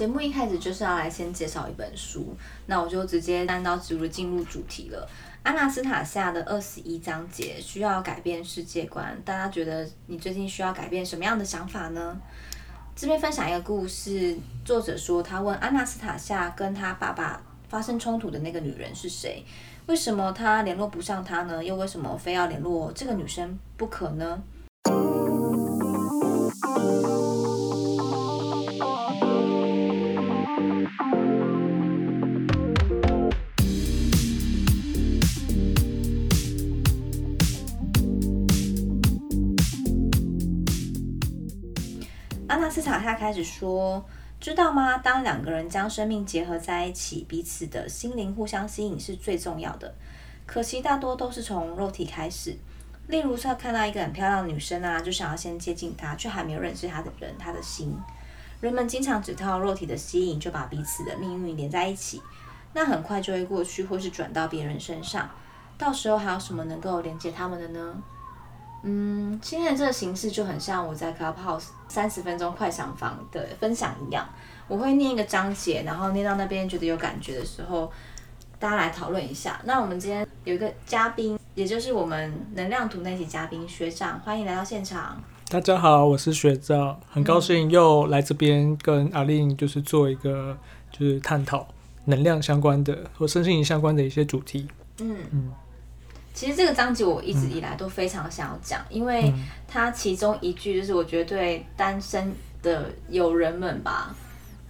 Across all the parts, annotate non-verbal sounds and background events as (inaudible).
節目一開始就是要來先介紹一本書，那我就直接單刀直入進入主題了。《阿納絲塔夏》的二十一章節需要改變世界觀，大家覺得你最近需要改變什麼樣的想法呢？這邊分享一個故事，作者說他問阿納絲塔夏跟他爸爸發生衝突的那個女人是誰，為什麼他聯絡不上她呢？又為什麼非要聯絡這個女生不可呢？嗯嗯嗯嗯他開始說：“知道嗎？當兩個人將生命結合在一起，彼此的心靈互相吸引是最重要的。可惜大多都是從肉體開始。例如說，他看到一個很漂亮的女生啊，就想要先接近她，卻還沒有認識她的人、她的心。人們經常只靠肉體的吸引就把彼此的命運連在一起，那很快就會過去，或是轉到別人身上。到時候還有什麼能夠連接他們的呢？”嗯，今天的這個形式就很像我在 Clubhouse 三十分鐘快想房的分享一樣，我會念一個章節，然後念到那邊覺得有感覺的時候，大家來討論一下。那我們今天有一個嘉賓，也就是我們能量圖那集嘉賓學長，歡迎來到現場。大家好，我是學長，很高興又來這邊跟阿令就是做一個就是探討能量相關的和身心靈相關的一些主題。嗯嗯。嗯其實這個章節我一直以來都非常想要講，嗯、因為它其中一句就是我覺得單身的友人們吧，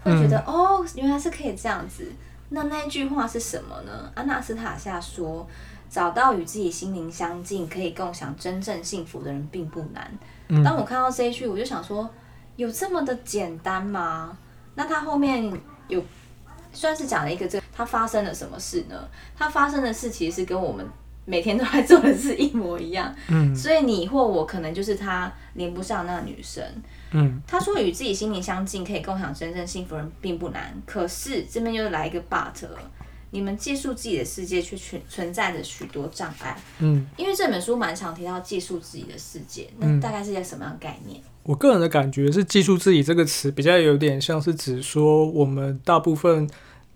嗯、會覺得哦，原來是可以這樣子。那那一句話是什麼呢？阿納絲塔夏說：“找到與自己心靈相近、可以共享真正幸福的人並不難。”嗯、當我看到這一句，我就想說，有這麼的簡單嗎？那他後面有算是講了一個這個、他發生了什麼事呢？他發生的事其實是跟我們。每天都在做的事一模一樣，嗯，所以你或我可能就是他連不上那個女生，嗯，他說與自己心靈相近，可以共享真正幸福人並不難，可是這邊又來一個 but，你們技術自己的世界卻存存在着許多障礙，嗯，因為這本書蠻常提到技術自己的世界，那大概是一個什麼樣的概念、嗯？我個人的感覺是“技術自己”這個詞比較有點像是指說我們大部分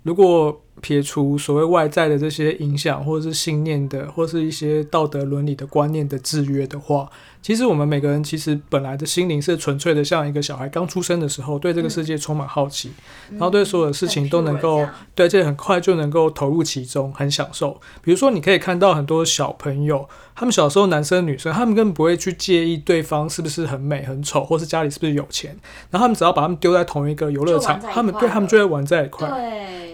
如果。撇除所謂外在的這些影響，或者是信念的，或是一些道德倫理的觀念的制約的話，其實我們每個人其實本來的心靈是純粹的，像一個小孩剛出生的時候，對這個世界充滿好奇，然後對所有的事情都能夠，對這很快就能夠投入其中，很享受。比如說，你可以看到很多小朋友，他們小時候男生女生，他們根本不會去介意對方是不是很美很醜，或是家裡是不是有錢，然後他們只要把他們丟在同一個遊樂場，他們對，他們就會玩在一塊。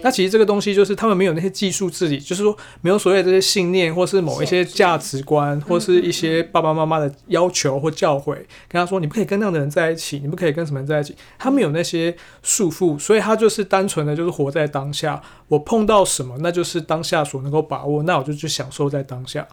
那其實這個東西。就是他們沒有那些技術自理，就是說沒有所謂這些信念，或是某一些價值觀，或是一些爸爸媽媽的要求或教誨，跟他說你不可以跟那樣的人在一起，你不可以跟什麼人在一起。他沒有那些束縛，所以他就是單純的就是活在當下。我碰到什麼，那就是當下所能夠把握，那我就去享受在當下。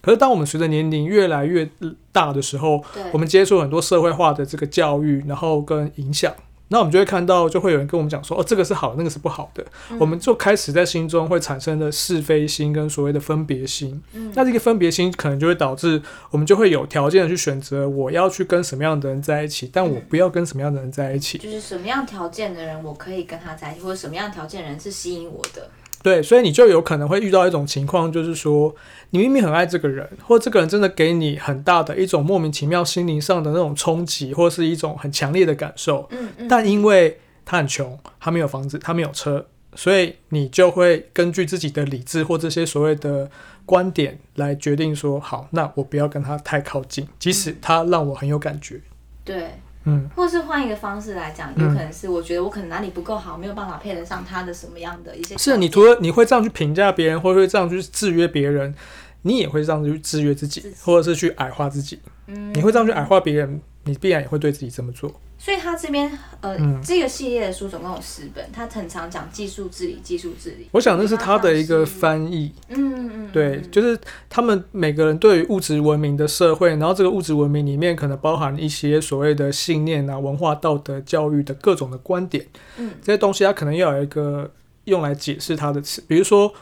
可是當我們隨着年齡越來越大的時候，我們接受很多社會化的這個教育，然後跟影響。那我們就會看到，就會有人跟我們講說，哦，這個是好，那個是不好的。嗯、我們就開始在心中會產生的是非心，跟所謂的分別心。嗯、那這個分別心可能就會導致我們就會有條件的去選擇我要去跟什麼樣的人在一起，但我不要跟什麼樣的人在一起。嗯、就是什麼樣條件的人我可以跟他在一起，或者什麼樣條件的人是吸引我的。對，所以你就有可能會遇到一種情況，就是說，你明明很愛這個人，或這個人真的給你很大的一種莫名其妙心靈上的那種衝擊，或是一種很強烈的感受。嗯嗯。但因為他很窮，他沒有房子，他沒有車，所以你就會根據自己的理智或這些所謂的觀點來決定說，好，那我不要跟他太靠近，即使他讓我很有感覺。嗯。對。嗯，或是換一個方式來講，有可能是我覺得我可能哪裡不夠好，沒有辦法配得上他的什麼樣的一些。是啊，你除了你會這樣去評價別人，或者會這樣去制約別人，你也會這樣去制約自己，自己或者是去矮化自己。嗯，你會這樣去矮化別人，你必然也會對自己這麼做。所以他這邊，呃，嗯、這個系列的書總共有十本，他很常講技術治理，技術治理。我想這是他的一個翻譯，嗯嗯，嗯對，嗯、就是他們每個人對於物質文明的社會，然後這個物質文明裡面可能包含一些所謂的信念啊、文化、道德、教育的各種的觀點，嗯，這些東西他可能要有一個用來解釋他的詞，比如說。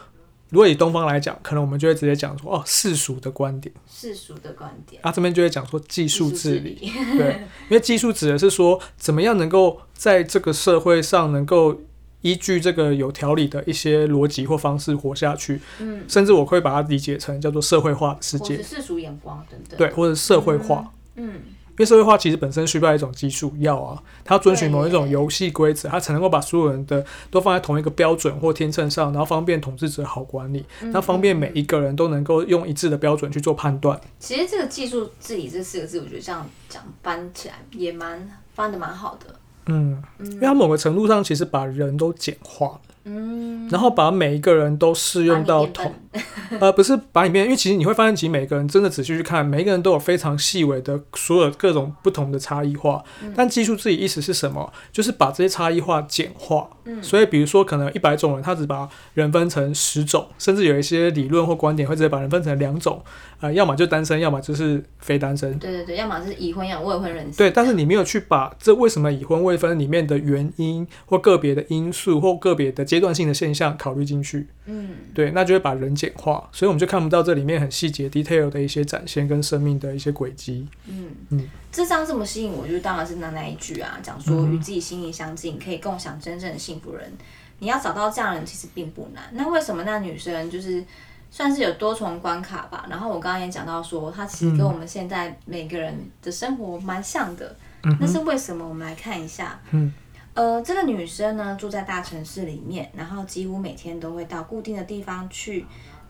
如果以東方來講，可能我們就會直接講說，哦，世俗的觀點，世俗的觀點，啊，這邊就會講說技術治理，治理 (laughs) 對，因為技術指的是說，怎麼樣能夠在這個社會上能夠依據這個有條理的一些邏輯或方式活下去，嗯，甚至我會把它理解成叫做社會化的世界，世俗眼光對對，或者社會化，嗯，嗯。因為社會化其實本身需要一種技術，要啊，它遵循某一種遊戲規則，它才能夠把所有人的都放在同一個標準或天秤上，然後方便統治者好管理，那方便每一個人都能夠用一致的標準去做判斷。其實這個技術治理這四個字，我覺得這樣講翻起來也蠻翻的蠻好的。嗯，因為它某個程度上其實把人都簡化了，嗯，然後把每一個人都適用到同。 (laughs) 呃，不是把裡面，因為其實你會發現，其實每個人真的仔細去看，每一個人都有非常細微的所有各種不同的差異化。嗯、但技術自己意思是什麼？就是把這些差異化簡化。嗯，所以比如說，可能一百種人，他只把人分成十種，甚至有一些理論或觀點會直接把人分成兩種。啊、呃，要麼就單身，要麼就是非單身。對對對，要麼是已婚，要未婚人對，但是你沒有去把這為什麼已婚未婚裡面的原因或個別的因素或個別的階段性的現象考慮進去。嗯，對，那就會把人間化，所以我們就看不到這裡面很細節 detail 的一些展現跟生命的一些軌跡。嗯嗯，嗯這張這麼吸引我，就當然是那那一句啊，講說與自己心靈相近，可以共享真正的幸福。人，你要找到這樣的人其實並不難。那為什麼那女生就是算是有多重關卡吧？然後我剛剛也講到說，她其實跟我們現在每個人的生活蠻像的。嗯，那是為什麼？我們來看一下。嗯，呃，這個女生呢，住在大城市裡面，然後幾乎每天都會到固定的地方去。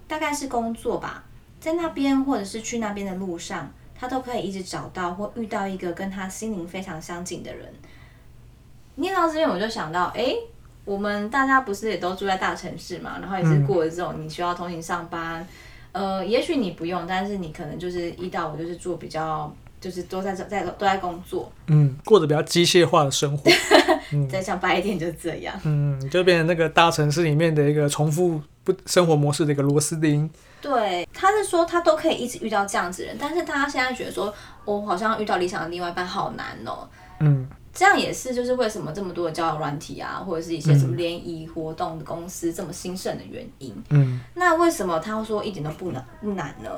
大概是工作吧，在那邊或者是去那邊的路上，他都可以一直找到或遇到一個跟他心靈非常相近的人。念到這邊，我就想到，誒、欸，我們大家不是也都住在大城市嘛？然後也是過著這種你需要通勤上班，嗯、呃，也許你不用，但是你可能就是一到五，就是做比較，就是都在在都在工作，嗯，過着比較機械化的生活。 (laughs) 嗯、再像白天就這樣，嗯，就變成那個大城市裡面的一個重複不生活模式的一個螺絲釘。對，他是說他都可以一直遇到這樣子的人，但是他現在覺得說，我、哦、好像遇到理想的另外一半好難哦、喔。嗯，這樣也是，就是為什麼這麼多的交友軟體啊，或者是一些什麼聯誼活動的公司這麼興盛的原因。嗯，那為什麼他要說一點都不難不難呢？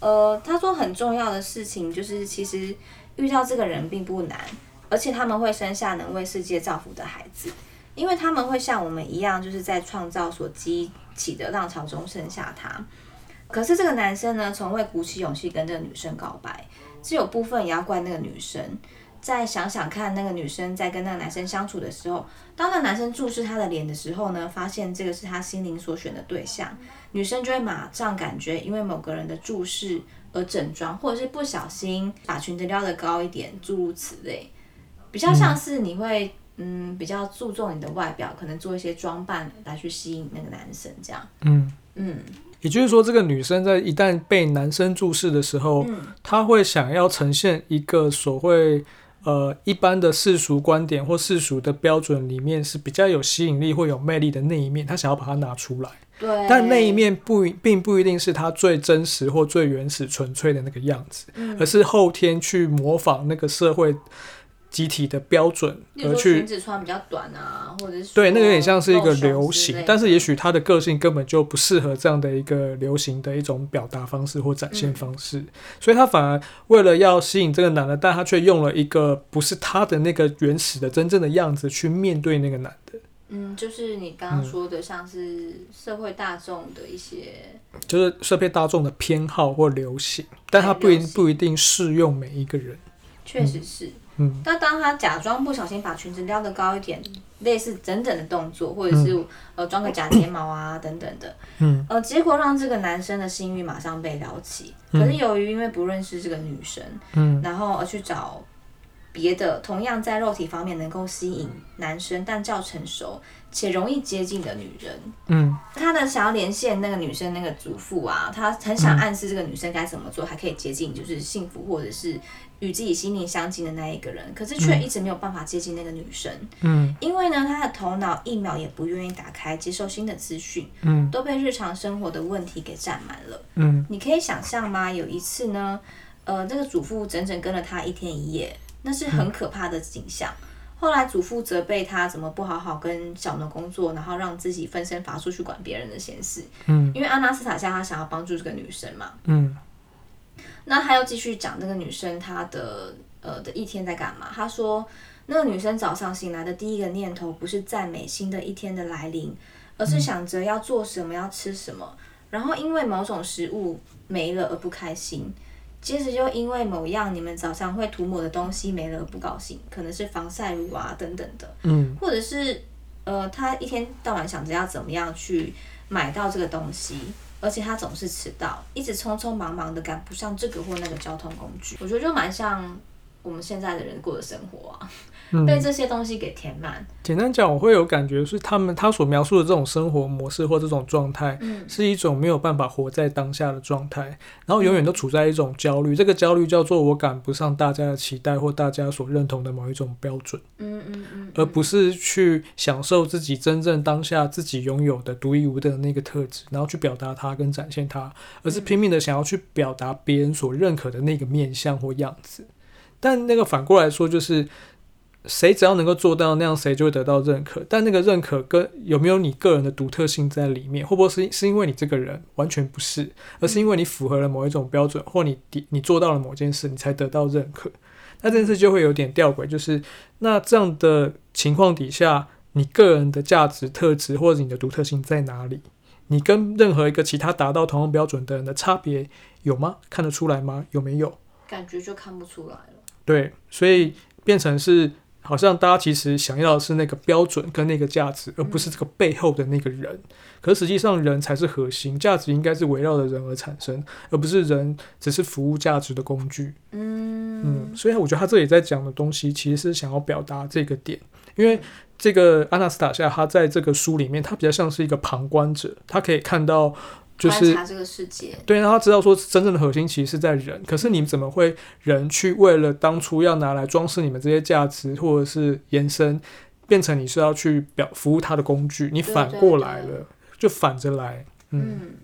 呃，他說很重要的事情就是，其實遇到這個人並不難。而且他們會生下能為世界造福的孩子，因為他們會像我們一樣，就是在創造所激起的浪潮中生下他。可是這個男生呢，從未鼓起勇氣跟這個女生告白，是有部分也要怪，那個女生再想想看，那個女生在跟那個男生相處的時候，當那男生注視她的臉的時候呢，發現這個是他心靈所選的對象，女生就會馬上感覺因為某個人的注視而整裝，或者是不小心把裙子撩得高一點，諸如此類。比較像是你會嗯,嗯比較注重你的外表，可能做一些裝扮來去吸引那個男生這樣嗯嗯，嗯也就是說這個女生在一旦被男生注視的時候，嗯、她會想要呈現一個所謂呃一般的世俗觀點或世俗的標準裡面是比較有吸引力或有魅力的那一面，她想要把它拿出來，對，但那一面不並不一定是她最真實或最原始純粹的那個樣子，嗯、而是後天去模仿那個社會。集體的標準而去，裙子穿比較短啊，或者是對，那個有點像是一個流行，但是也許他的個性根本就不適合這樣的一個流行的一種表達方式或展現方式，所以他反而為了要吸引這個男的，但他卻用了一個不是他的那個原始的真正的樣子去面對那個男的。嗯，就是你剛剛說的，像是社會大眾的一些，就是社會大眾的偏好或流行，但他不一不一定適用每一個人，確實是。但當他假裝不小心把裙子撩得高一點，類似整整的動作，或者是、嗯、呃裝個假睫毛啊等等的，嗯、呃，結果讓這個男生的性慾馬上被撩起。可是由於因為不認識這個女生，嗯，然後而去找。別的同樣在肉體方面能夠吸引男生，但較成熟且容易接近的女人。嗯，他呢想要連線那個女生，那個祖父啊，他很想暗示這個女生該怎麼做，嗯、還可以接近，就是幸福或者是與自己心靈相近的那一個人。可是卻一直沒有辦法接近那個女生。嗯，因為呢，他的頭腦一秒也不願意打開，接受新的資訊。嗯，都被日常生活的問題給占滿了。嗯，你可以想象嗎？有一次呢，呃，那個祖父整整跟了他一天一夜。那是很可怕的景象。嗯、後來祖父責備他怎麼不好好跟小農工作，然後讓自己分身乏術去管別人的閒事。嗯，因為阿納絲塔夏他想要幫助這個女生嘛。嗯，那他又繼續講那個女生她的呃的一天在幹嘛？他說那個女生早上醒來的第一個念頭不是讚美新的一天的來臨，而是想着要做什麼要吃什麼，然後因為某種食物沒了而不開心。其實就因為某樣你們早上會塗抹的東西沒了不高興，可能是防曬乳啊等等的，嗯，或者是呃，他一天到晚想着要怎麼樣去買到這個東西，而且他總是遲到，一直匆匆忙忙的趕不上這個或那個交通工具。我覺得就蠻像我們現在的人過的生活啊，嗯、被這些東西給填滿。簡單講，我會有感覺是他們他所描述的這種生活模式或這種狀態，嗯、是一種沒有辦法活在當下的狀態，然後永遠都處在一種焦慮。嗯、這個焦慮叫做我趕不上大家的期待或大家所認同的某一種標準。嗯嗯嗯、而不是去享受自己真正當下自己擁有的獨一無二的那個特質，然後去表達它跟展現它，而是拼命的想要去表達別人所認可的那個面向或樣子。但那個反過來說，就是誰只要能夠做到那樣，誰就會得到認可。但那個認可跟有沒有你個人的獨特性在裡面，會不會是是因為你這個人完全不是，而是因為你符合了某一種標準，或你你做到了某件事，你才得到認可。那這件事就會有點吊詭，就是那這樣的情況底下，你個人的價值特質或者你的獨特性在哪裡？你跟任何一個其他達到同樣標準的人的差別有嗎？看得出來嗎？有沒有？感覺就看不出來了。對，所以變成是好像大家其實想要的是那個標準跟那個價值，而不是這個背後的那個人。可實際上，人才是核心，價值應該是圍繞着人而產生，而不是人只是服務價值的工具。嗯，嗯，所以我覺得他這裡在講的東西，其實是想要表達這個點。因為這個阿納絲塔夏，他在這個書裡面，他比較像是一個旁觀者，他可以看到。就是觀察這個世界，對，然後，他知道說真正的核心其實是在人，可是你怎麼會人去為了當初要拿來裝飾你們這些價值，或者是延伸，變成你是要去表服務他的工具？你反過來了，對對對，就反着來，嗯。嗯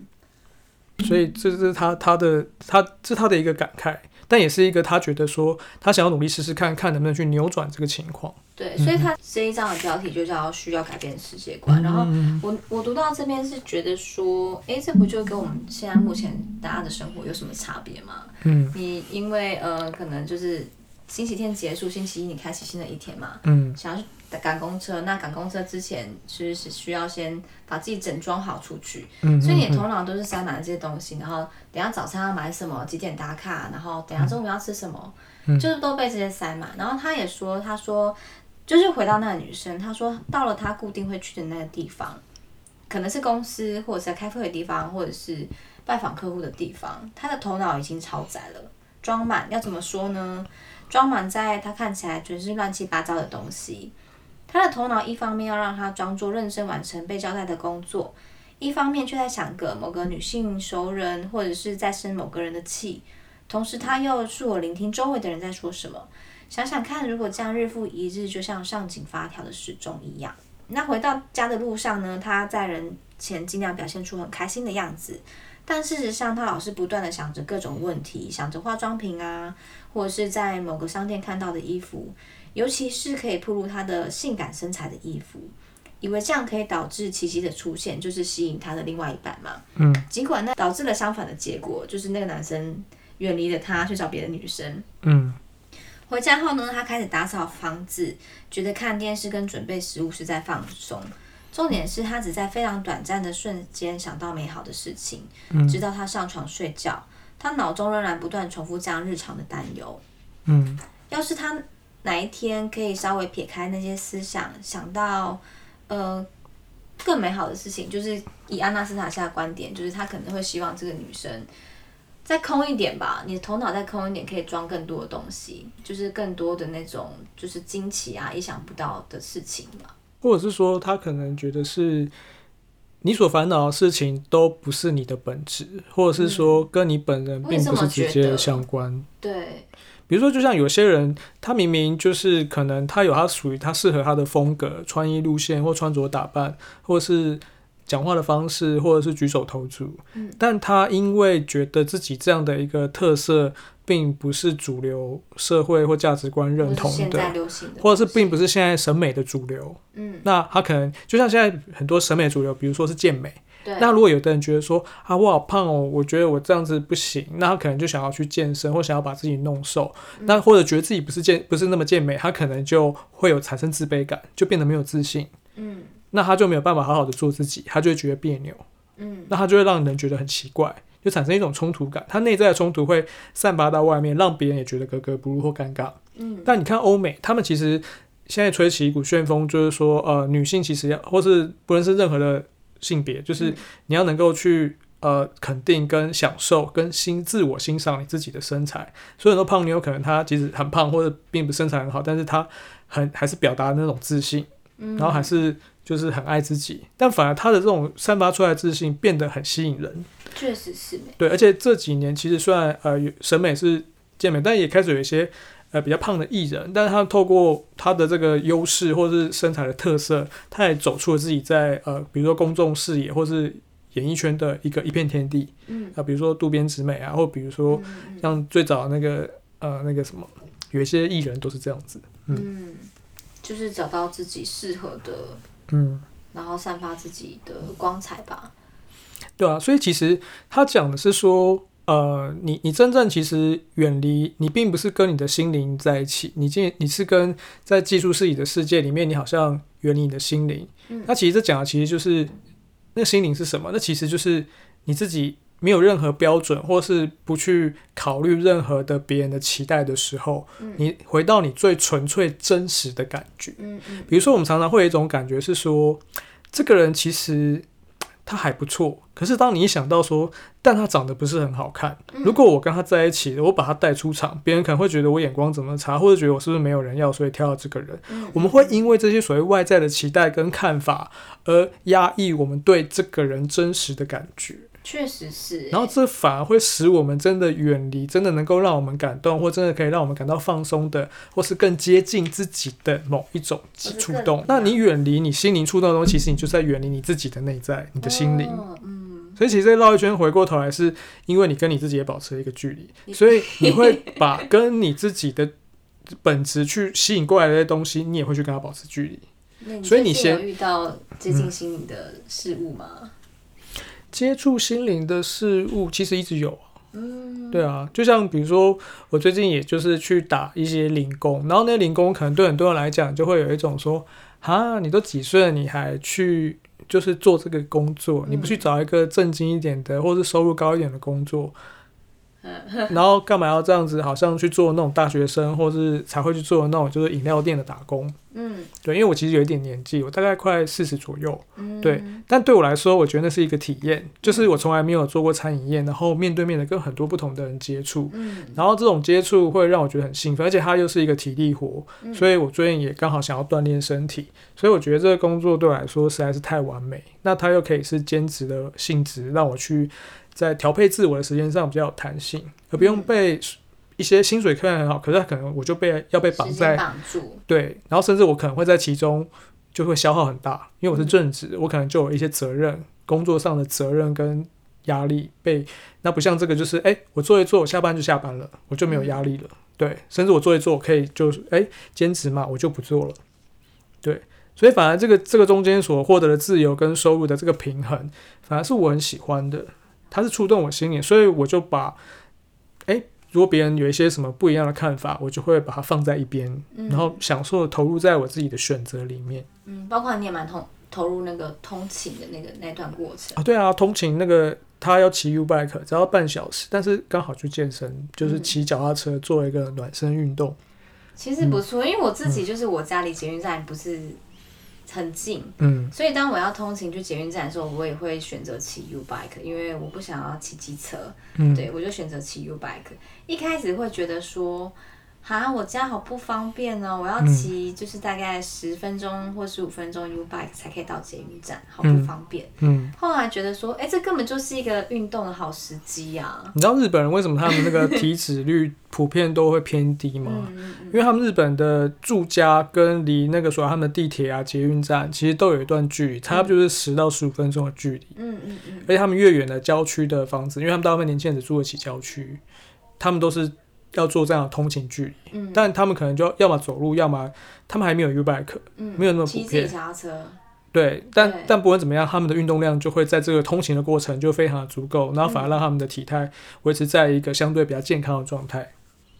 所以，這是他他的他，這他的一個感慨，但也是一個他覺得說，他想要努力試試看看能不能去扭轉這個情況。對，所以他這一章的標題就叫需要改變世界觀。嗯、然後我，我我讀到這邊是覺得說，哎、欸，這不就跟我們現在目前大家的生活有什麼差別嗎？嗯，你因為呃，可能就是星期天結束，星期一你開啟新的一天嘛。嗯，想要趕公車，那趕公車之前其實是需要先把自己整裝好出去，所以你的頭腦都是塞滿了這些東西。嗯嗯嗯、然後等下早餐要買什麼，幾點打卡，然後等下中午要吃什麼，嗯嗯、就是都被這些塞滿。然後他也說，他說就是回到那個女生，他說到了他固定會去的那個地方，可能是公司或者是在開會的地方，或者是拜訪客戶的地方，他的頭腦已經超載了，裝滿要怎麼說呢？裝滿在他看起來全是亂七八糟的東西。他的頭腦一方面要讓他裝作認真完成被交代的工作，一方面卻在想個某個女性熟人，或者是在生某個人的氣。同時，他又是否聆聽周圍的人在說什麼。想想看，如果這樣日復一日，就像上緊發條的時鐘一樣。那回到家的路上呢，他在人前儘量表現出很開心的樣子，但事實上他老是不斷地想着各種問題，想着化妝品啊，或者是在某個商店看到的衣服。尤其是可以暴露他的性感身材的衣服，以為這樣可以導致奇蹟的出現，就是吸引他的另外一半嘛？嗯，儘管那導致了相反的結果，就是那個男生遠離了他，去找別的女生。嗯，回家後呢，他開始打掃房子，覺得看電視跟準備食物是在放鬆。重點是他只在非常短暫的瞬間想到美好的事情，嗯，直到他上床睡覺，他腦中仍然不斷重複這樣日常的擔憂。嗯，要是他。哪一天可以稍微撇開那些思想，想到呃更美好的事情？就是以阿納絲塔夏的觀點，就是她可能會希望這個女生再空一點吧。你的頭腦再空一點，可以裝更多的東西，就是更多的那種就是驚奇啊、意想不到的事情嘛。或者是說，她可能覺得是你所煩惱的事情都不是你的本質，或者是說跟你本人並不是直接的相關。嗯、對。比如說，就像有些人，他明明就是可能他有他屬於他適合他的風格、穿衣路線或穿着打扮，或者是講話的方式，或者是舉手投足，嗯，但他因為覺得自己這樣的一個特色，並不是主流社會或價值觀認同的，對或者是並不是現在審美的主流。嗯，那他可能就像現在很多審美主流，比如說是健美。對那如果有的人覺得說，啊，我好胖哦，我覺得我這樣子不行，那他可能就想要去健身或想要把自己弄瘦，嗯，那或者覺得自己不是健不是那麼健美，他可能就會有產生自卑感，就變得沒有自信。嗯，那他就沒有辦法好好的做自己，他就會覺得彆扭。嗯，那他就會讓人覺得很奇怪，就產生一種衝突感，他內在的衝突會散發到外面，讓別人也覺得格格不入或尷尬。嗯，但你看歐美，他們其實現在吹起一股旋風，就是說，呃，女性其實要或是不論是任何的。性別就是你要能夠去呃肯定跟享受跟欣自我欣賞你自己的身材，所以很多胖妞可能她其實很胖或者並不身材很好，但是她很還是表達那種自信，然後還是就是很愛自己，嗯、但反而她的這種散發出來的自信變得很吸引人，確實是，對，而且這幾年其實雖然呃審美是健美，但也開始有一些。比較胖的藝人，但是他透過他的這個優勢，或是身材的特色，他也走出了自己在呃，比如說公眾視野，或是演藝圈的一個一片天地。嗯，啊，比如說渡邊直美啊，或比如說像最早那個、嗯、呃那個什麼，有一些藝人都是這樣子。嗯，就是找到自己適合的，嗯，然後散發自己的光彩吧。對啊，所以其實他講的是說。呃，你你真正其實遠離你，並不是跟你的心靈在一起，你進你是跟在技術是你的世界裡面，你好像遠離你的心靈。嗯，那其實這講的其實就是那心靈是什麼？那其實就是你自己沒有任何標準，或是不去考慮任何的別人的期待的時候，你回到你最純粹真實的感覺。嗯嗯，比如說我們常常會有一種感覺是說，這個人其實。他還不錯，可是當你想到說，但他長得不是很好看，如果我跟他在一起，我把他帶出場，別人可能會覺得我眼光怎麼差，或者覺得我是不是沒有人要，所以挑了這個人，我們會因為這些所謂外在的期待跟看法而壓抑我們對這個人真實的感覺。確實是，欸，然後這反而會使我們真的遠離，真的能夠讓我們感動，或真的可以讓我們感到放鬆的，或是更接近自己的某一種觸動。哦，那你遠離你心靈觸動的東西，其實你就在遠離你自己的內在，你的心靈。哦。嗯，所以其實繞一圈回過頭來，是因為你跟你自己也保持了一個距離，你所以你會把跟你自己的本質去吸引過來的東西，你也會去跟他保持距離。所以你先遇到接近心靈的事物嗎？嗯接觸心靈的事物，其實一直有。嗯，對啊，就像比如說，我最近也就是去打一些零工，然後那零工可能對很多人來講，就會有一種說，啊，你都幾歲了，你還去就是做這個工作，你不去找一個正經一點的，或是收入高一點的工作。 (laughs) 然後幹嘛要這樣子？好像去做那種大學生，或是才會去做那種就是飲料店的打工。嗯，對，因為我其實有一點年紀，我大概快四十左右。對，但對我來說，我覺得那是一個體驗，就是我從來沒有做過餐飲業，然後面對面的跟很多不同的人接觸。然後這種接觸會讓我覺得很興奮，而且它又是一個體力活，所以我最近也剛好想要鍛鍊身體，所以我覺得這個工作對我來說實在是太完美。那它又可以是兼職的性質，讓我去。在調配自我的時間上比較有彈性，而不用被一些薪水看來很好，可是它可能我就被、要被綁在，綁住，對，然後甚至我可能會在其中就會消耗很大，因為我是正職，嗯、我可能就有一些責任，工作上的責任跟壓力，被那不像這個，就是哎、欸，我做一做，我下班就下班了，我就沒有壓力了，嗯、對，甚至我做一做，我可以就是哎、欸，兼職嘛，我就不做了，對，所以反而這個這個中間所獲得的自由跟收入的這個平衡，反而是我很喜歡的。它是觸動我心靈，所以我就把，欸、如果別人有一些什麼不一樣的看法，我就會把它放在一邊，嗯、然後享受投入在我自己的選擇裡面。嗯，包括你也蠻通投入那個通勤的那個那段過程啊。對啊，通勤那個他要騎 U bike 只要半小時，但是剛好去健身，就是騎腳踏車做一個暖身運動，其實不錯。嗯、因為我自己就是我家離捷運站不是。很近，嗯，所以當我要通勤去捷運站的時候，我也會選擇騎 U bike，因為我不想要騎機車，嗯，對我就選擇騎 U bike。一開始會覺得說。啊，我家好不方便哦，我要騎就是大概十分鐘或十五分鐘，U bike 才可以到捷運站，好不方便。嗯，嗯後來覺得說，哎、欸，這根本就是一個運動的好時機呀、啊。你知道日本人為什麼他們那個體脂率 (laughs) 普遍都會偏低嗎？嗯嗯嗯、因為他們日本的住家跟離那個所謂他們的地鐵啊、捷運站其實都有一段距離，差不多就是十到十五分鐘的距離、嗯。嗯嗯嗯。而且他們越遠的郊區的房子，因為他們大部分年輕人只住得起郊區，他們都是。要做這樣的通勤距離，嗯、但他們可能就要麼走路，要麼他們還沒有 U bike，嗯、沒有那麼普遍、騎自行車，車。對，對但但不管怎麼樣，他們的運動量就會在這個通勤的過程就非常的足夠，然後反而讓他們的體態維持在一個相對比較健康的狀態、嗯。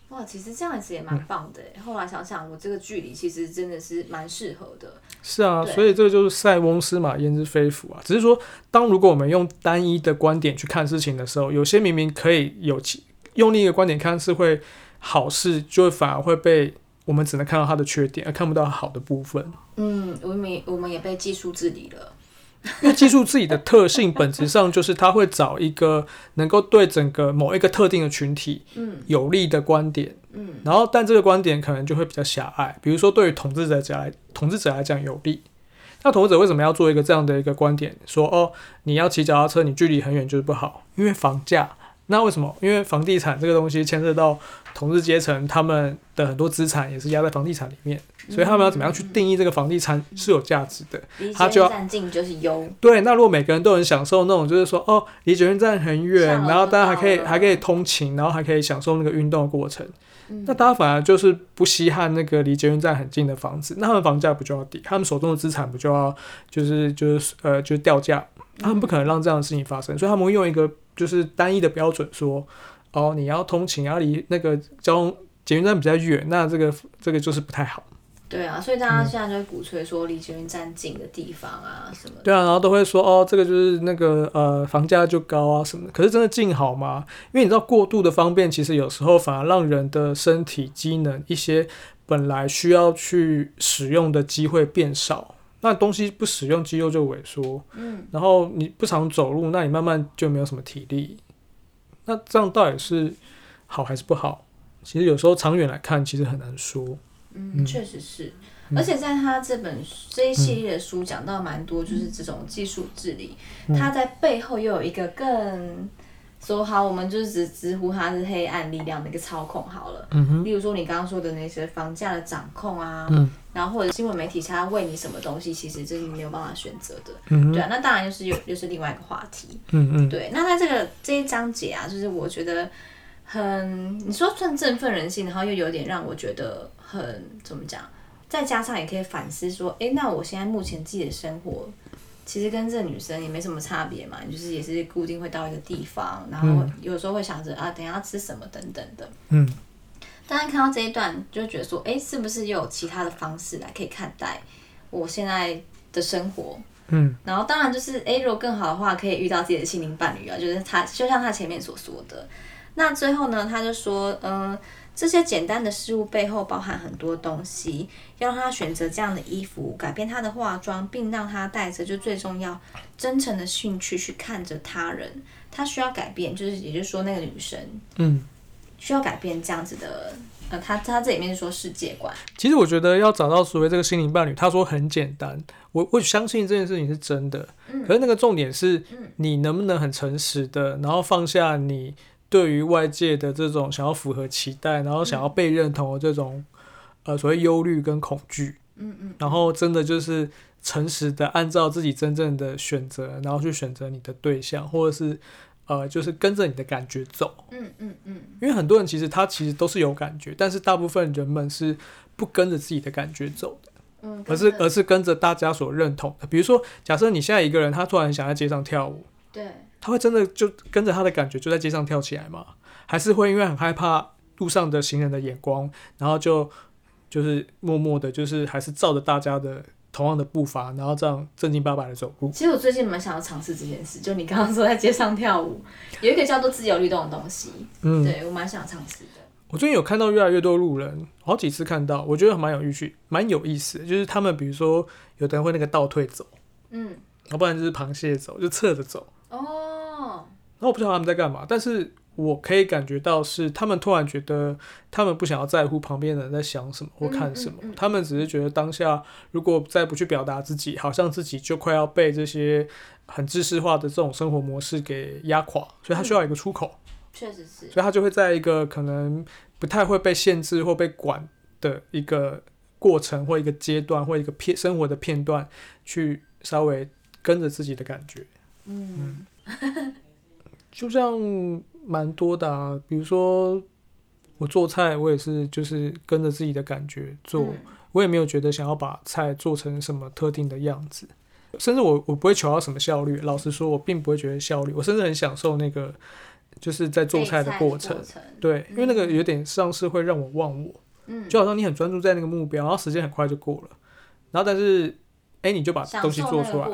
哇，其實這樣子也蠻棒的、嗯、後來想想，我這個距離其實真的是蠻適合的。是啊，對所以這個就是塞翁失馬焉知非福啊。只是說，當如果我們用單一的觀點去看事情的時候，有些明明可以有。用另一個觀點看是會好事，就反而會被我們只能看到它的缺點，而看不到好的部分。嗯，我們我們也被技術治理了，因為技術治理的特性本質上就是它會找一個能夠對整個某一個特定的群體嗯有利的觀點，嗯，嗯然後但這個觀點可能就會比較狹隘。比如說，對於統治者講來，統治者來講有利，那統治者為什麼要做一個這樣的一個觀點，說哦，你要騎腳踏車，你距離很遠就是不好，因為房價。那為什麼？因為房地產這個東西牽涉到統治階層，他們的很多資產也是壓在房地產裡面，嗯、所以他們要怎麼樣去定義這個房地產是有價值的？嗯、他就要，離捷運站近就是優。對，那如果每個人都很享受那種，就是說哦，離捷運站很遠，然後大家還可以還可以通勤，然後還可以享受那個運動的過程，嗯、那大家反而就是不稀罕那個離捷運站很近的房子，那他們房價不就要低？他們手中的資產不就要就是就是呃就是、掉價？他們不可能讓這樣的事情發生，嗯、所以他們會用一個。就是單一的標準說，哦，你要通勤啊，離那個交通捷運站比較遠，那這個這個就是不太好。對啊，所以大家現在就會鼓吹說離捷運站近的地方啊什麼、嗯。對啊，然後都會說哦，這個就是那個呃房價就高啊什麼的。可是真的近好嗎？因為你知道過度的方便，其實有時候反而讓人的身體機能，一些本來需要去使用的機會變少。那東西不使用，肌肉就萎縮。嗯、然後你不常走路，那你慢慢就沒有什麼體力，那這樣到底是好還是不好？其實有時候長遠來看，其實很難說。嗯，確實是，嗯、而且在他這本這一系列的書講到蠻多，嗯、就是這種技術治理，他、嗯、在背後又有一個更。說好，我們就是直直呼它是黑暗力量的一個操控好了。嗯、哼例如說你剛剛說的那些房價的掌控啊，嗯、然後或者新聞媒體他為你什麼東西，其實這是沒有辦法選擇的。嗯、哼對啊，那當然又是又又、就是另外一個話題。嗯嗯。對，那他這個這一章節啊，就是我覺得很，你說算振奮人心，然後又有點讓我覺得很怎麼講？再加上也可以反思說，哎，那我現在目前自己的生活。其實跟這女生也沒什麼差別嘛，就是也是固定會到一個地方，然後有時候會想着、嗯、啊，等一下要吃什麼等等的。嗯，當然看到這一段就覺得說，哎、欸，是不是有其他的方式來可以看待我現在的生活？嗯，然後當然就是，哎、欸，如果更好的話，可以遇到自己的心靈伴侶啊，就是他，就像他前面所說的。那最後呢，他就說，嗯。這些簡單的事物背後包含很多東西，要讓他選擇這樣的衣服，改變他的化妝，並讓他帶着就最重要。真誠的興趣去看着他人，他需要改變，就是也就是說，那個女生，嗯，需要改變這樣子的。呃，他他這裡面就說世界觀，其實我覺得要找到所謂這個心靈伴侶，他說很簡單，我我相信這件事情是真的。嗯，可是那個重點是，嗯，你能不能很誠實的，然後放下你。對於外界的這種想要符合期待，然後想要被認同的這種、嗯、呃所謂憂慮跟恐懼，嗯嗯，嗯然後真的就是誠實地按照自己真正的選擇，然後去選擇你的對象，或者是呃就是跟着你的感覺走，嗯嗯嗯，嗯嗯因為很多人其實他其實都是有感覺，但是大部分人們是不跟着自己的感覺走的，嗯、而是而是跟着大家所認同的。比如說，假設你現在一個人，他突然想在街上跳舞，對。他會真的就跟着他的感覺，就在街上跳起來嗎？還是會因為很害怕路上的行人的眼光，然後就就是默默的，就是還是照着大家的同樣的步伐，然後這樣正經八百的走路。其實我最近蠻想要嘗試這件事，就你剛剛說在街上跳舞，有一個叫做自由律動的東西，嗯，對我蠻想要嘗試的。我最近有看到越來越多路人，好幾次看到，我覺得還蠻有趣，蠻有意思的。就是他們比如說有的人會那個倒退走，嗯，要不然就是螃蟹走，就側着走，哦。我不知道他們在幹嘛，但是我可以感覺到是他們突然覺得他們不想要在乎旁邊的人在想什麼或看什麼，嗯嗯嗯、他們只是覺得當下如果再不去表達自己，好像自己就快要被這些很知識化的這種生活模式給壓垮，所以他需要一個出口。確實是，所以他就會在一個可能不太會被限制或被管的一個過程或一個階段或一個片生活的片段，去稍微跟着自己的感覺。嗯。嗯就像蠻多的、啊，比如說我做菜，我也是就是跟着自己的感覺做，嗯、我也沒有覺得想要把菜做成什麼特定的樣子，甚至我我不會求到什麼效率。嗯、老實說，我並不會覺得效率，我甚至很享受那個，就是在做菜的過程。對，對，因為那個有點像是會讓我忘我，嗯、就好像你很專注在那個目標，然後時間很快就過了，然後但是。哎，你就把東西做出來，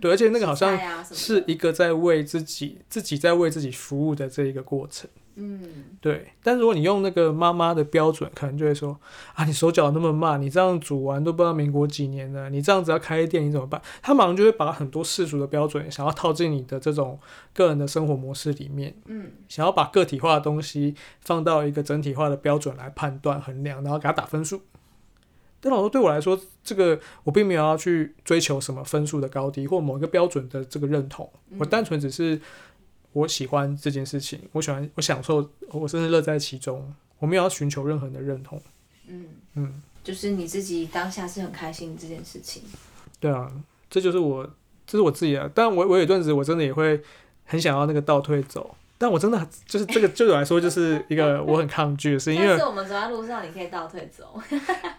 對，而且那個好像是一個在為自己、啊、自己在為自己服務的這一個過程，嗯，對。但如果你用那個媽媽的標準，可能就會說啊，你手腳那麼慢，你這樣煮完都不知道民國幾年了，你這樣子要開店你怎麼辦？他馬上就會把很多世俗的標準想要套進你的這種個人的生活模式裡面，嗯，想要把個體化的東西放到一個整體化的標準來判斷衡量，然後給他打分數。那老師對我來說，這個我並沒有要去追求什麼分數的高低，或某一個標準的這個認同。我單純只是我喜歡這件事情，我喜歡我享受，我甚至樂在其中。我沒有要尋求任何人的認同。嗯嗯，嗯，就是你自己當下是很開心這件事情。對啊，這就是我，這是我自己的啊。但我我有一段時我真的也會很想要那個倒退走。但我真的就是這個，對我來說，就是一個我很抗拒的事情，因為我們走在路上，你可以倒退走。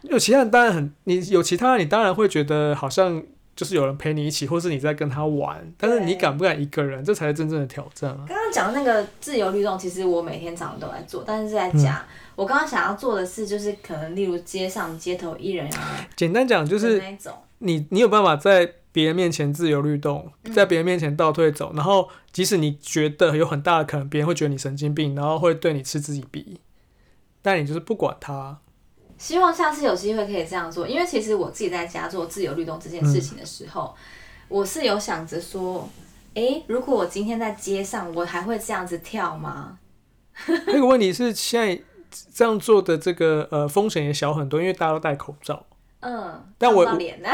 有其他人當然很，你有其他你當然會覺得好像就是有人陪你一起，或是你在跟他玩。但是你敢不敢一個人？這才是真正的挑戰啊！剛剛講的那個自由律動，其實我每天早上都在做，但是在家。我剛剛想要做的事就是，可能例如街上街頭藝人，簡單講就是你你有辦法在。別人面前自由律動，在別人面前倒退走，嗯、然後即使你覺得有很大的可能，別人會覺得你神經病，然後會對你嗤之以鼻，但你就是不管他。希望下次有機會可以這樣做，因為其實我自己在家做自由律動這件事情的時候，嗯、我是有想着說，誒，如果我今天在街上，我還會這樣子跳嗎？那 (laughs) 個問題是現在這樣做的這個呃風險也小很多，因為大家都戴口罩。嗯，但我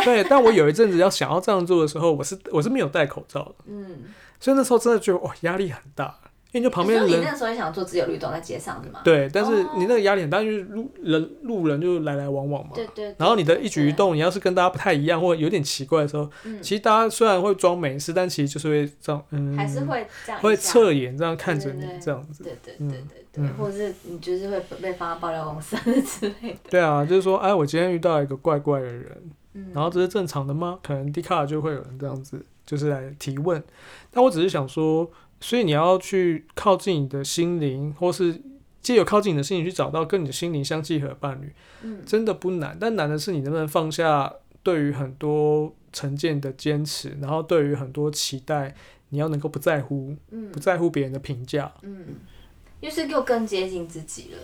對，但我有一陣子要想要這樣做的時候，我是我是沒有戴口罩的，嗯，所以那時候真的覺得哇壓力很大，因為就旁邊的人，你那時候也想做自由律動在街上是嗎？對，但是你那個壓力很大，就是路人路人就來來往往嘛，對對，然後你的一舉一動，你要是跟大家不太一樣或有點奇怪的時候，其實大家雖然會裝沒事，但其實就是會這樣，嗯，還是會這樣，會側眼這樣看着你這樣子，對對對對。對，或是你就是會被發爆料公司之類的。嗯。對啊，就是說，哎、啊，我今天遇到一個怪怪的人，嗯、然後這是正常的嗎？可能 D 卡就會有人這樣子，就是來提問。嗯、但我只是想說，所以你要去靠近你的心靈，或是借由靠近你的心靈去找到跟你的心靈相契合的伴侶，嗯、真的不難。但難的是你能不能放下對於很多成見的堅持，然後對於很多期待，你要能夠不在乎，嗯、不在乎別人的評價，嗯嗯。就是又更接近自己了。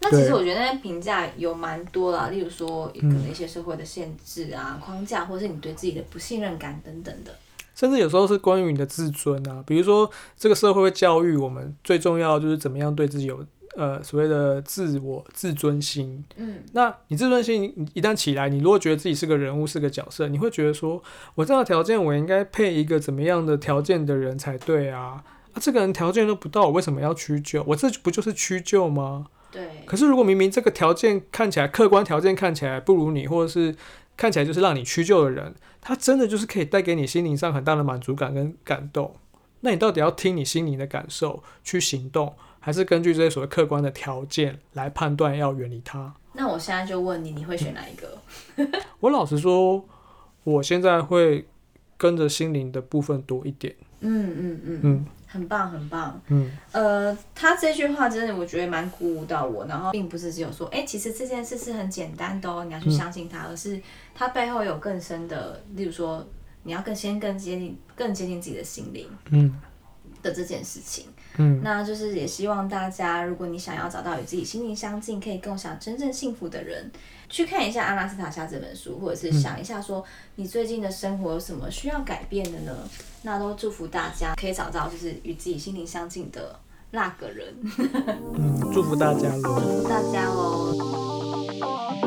那其實我覺得那些評價有蠻多啦，對例如說可能一些社會的限制啊、嗯、框架，或是你對自己的不信任感等等的。甚至有時候是關於你的自尊啊，比如說這個社會會教育我們，最重要就是怎麼樣對自己有呃所謂的自我自尊心。嗯，那你自尊心一旦起來，你如果覺得自己是個人物、是個角色，你會覺得說我這樣的條件，我應該配一個怎麼樣的條件的人才對啊。啊，這個人條件都不到，我為什麼要屈就？我這不就是屈就嗎？對。可是如果明明這個條件看起來，客觀條件看起來不如你，或者是看起來就是讓你屈就的人，他真的就是可以帶給你心靈上很大的滿足感跟感動。那你到底要聽你心靈的感受去行動，還是根據這些所謂客觀的條件來判斷要遠離他？那我現在就問你，你會選哪一個？ (laughs) 我老實說，我現在會跟着心靈的部分多一點。嗯嗯嗯嗯。嗯嗯嗯很棒，很棒。嗯，呃，他這句話真的，我覺得蠻鼓舞到我。然後，並不是只有說，哎、欸，其實這件事是很簡單的哦、喔，你要去相信他，嗯、而是他背後有更深的，例如說，你要更先、更接近、更接近自己的心靈，嗯，的這件事情，嗯，那就是也希望大家，如果你想要找到與自己心靈相近、可以共享真正幸福的人。去看一下《阿納絲塔夏》這本書，或者是想一下，說你最近的生活有什麼需要改變的呢？嗯、那都祝福大家可以找到就是與自己心靈相近的那個人。 (laughs) 嗯，祝福大家！祝福大家哦。